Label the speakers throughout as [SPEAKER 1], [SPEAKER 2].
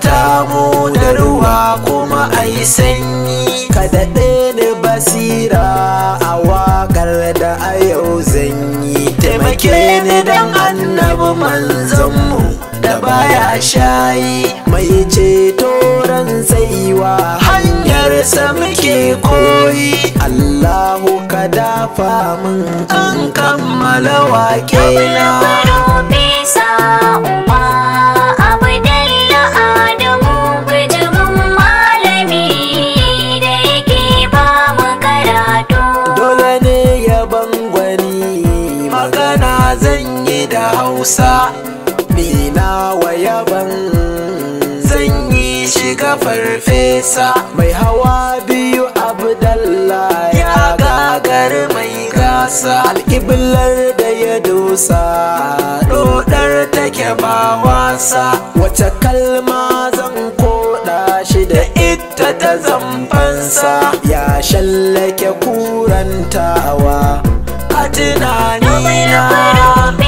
[SPEAKER 1] tamu da ruwa kuma a yi sanyi ka daɗe da basira a waƙar da a yau zanyi taimake ni don annabi manzanmu da baya shayi mai ceto ran Hanyar hanyarsa muke koyi allahu ka dafa mun! an kammala waƙe na hausa mina wa yaban zan yi shiga farfesa mai hawa biyu abdallah ya gagar mai gasa alƙiblar da ya dosa dodar take ba wasa wace kalma zan koda shi da ita ta zamfansa ya shallake kurantawa a tunanina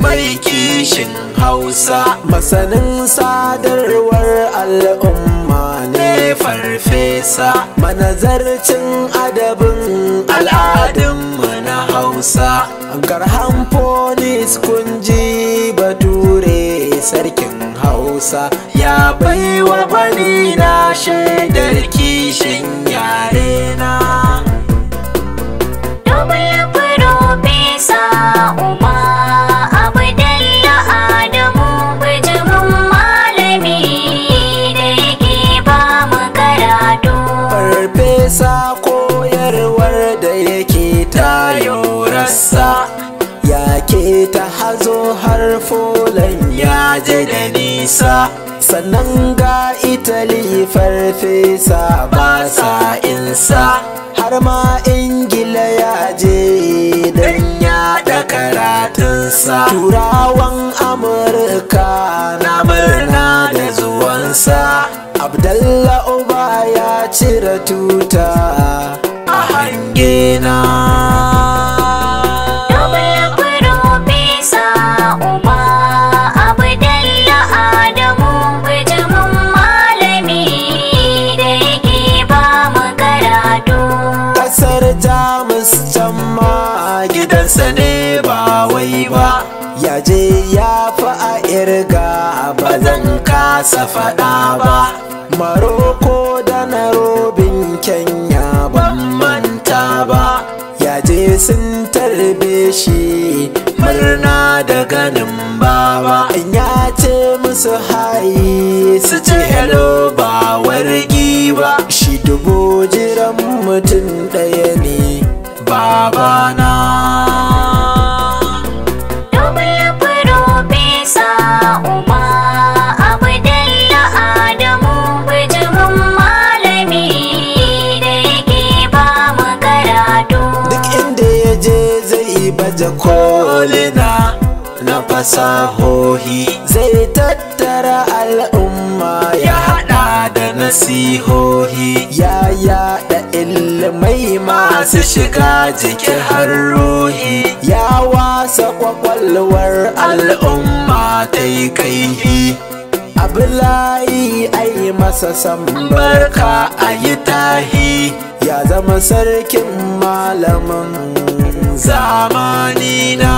[SPEAKER 1] mai kishin hausa masanin sadarwar al'umma ne farfesa manazarcin adabin al'adun na hausa garhan polis kunji bature sarkin hausa ya baiwa bani na shaidar kishin yare na Oh, sa sannan ga italy farfesa ba sa insa har ma ingila ya je dan ya da karatun sa. turawan amurka na murna da zuwansa Abdullahi uba ya cire tuta a hangena kasa faɗa ba maroko da narobin kenya ban manta ba yaje sun tarbe shi murna da ganin baba ya ce musu hayi su ce hello ba wargi ba shi dubu jiran mutum ɗaya ne babana ta kolina na fasahohi zai tattara al'umma ya hada da nasihohi ya yada ilmai masu shiga jiki har ruhi ya wasa kwakwalwar al'umma ta yi kaihi bula'i a yi masa sambarka a yi tahi ya zama sarkin malamin zamani na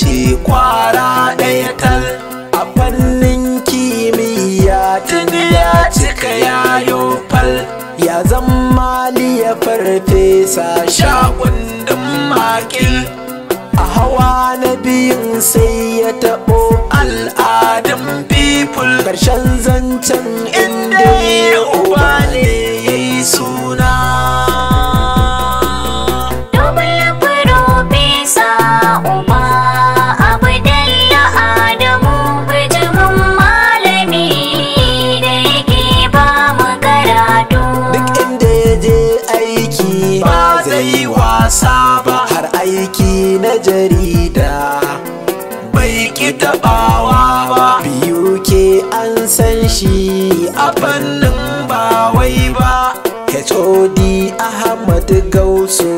[SPEAKER 1] ce kwara ɗaya tal a fannin kimiyya tun ya cika yayo fal ya zama liya farfesa sha kundin makil a hawa na biyun sai ya taɓo al'adun people ƙarshen zancen indiya sa'adu gausu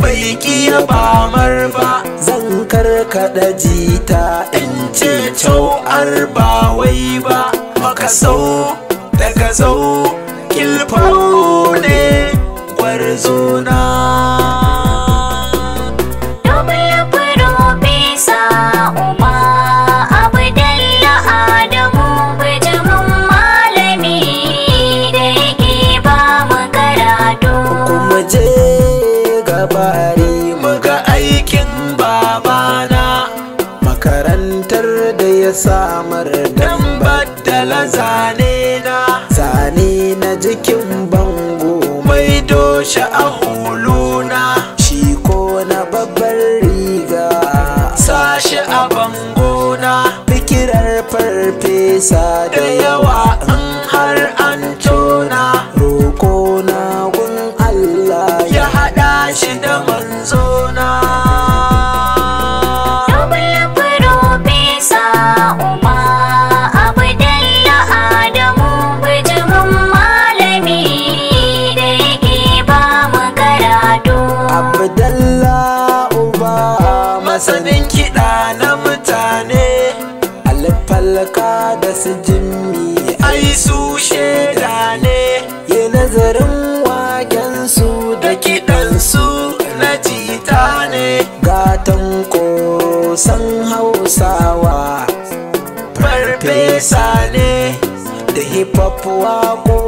[SPEAKER 1] bai kiya bamar ba zan karkada jita in ce cau'ar ba wai ba maka sau daga zau kilfau ne gwarzona samar dan baddala zane na zane na jikin bango mai doshe a huluna shi ko na babbar riga sashi a bango na fikirar farfesa da yawa in har an tona roko na gun Allah ya hada shi da sanin kiɗa na mutane alfalka da su jimmi ai su shaida ne yi nazarin waken su da kiɗan na jita ne gatan san hausawa farfesa ne da hip hop waƙo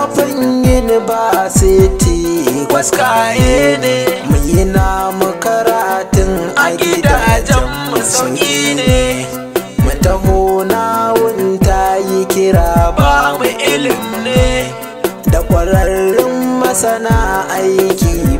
[SPEAKER 1] abin yini ba siti kwaskaye ne mu yi namu karatun a gidajen mu ne mu taho na wunta yi kira ba mu ilim ne da ƙwararrun masana aiki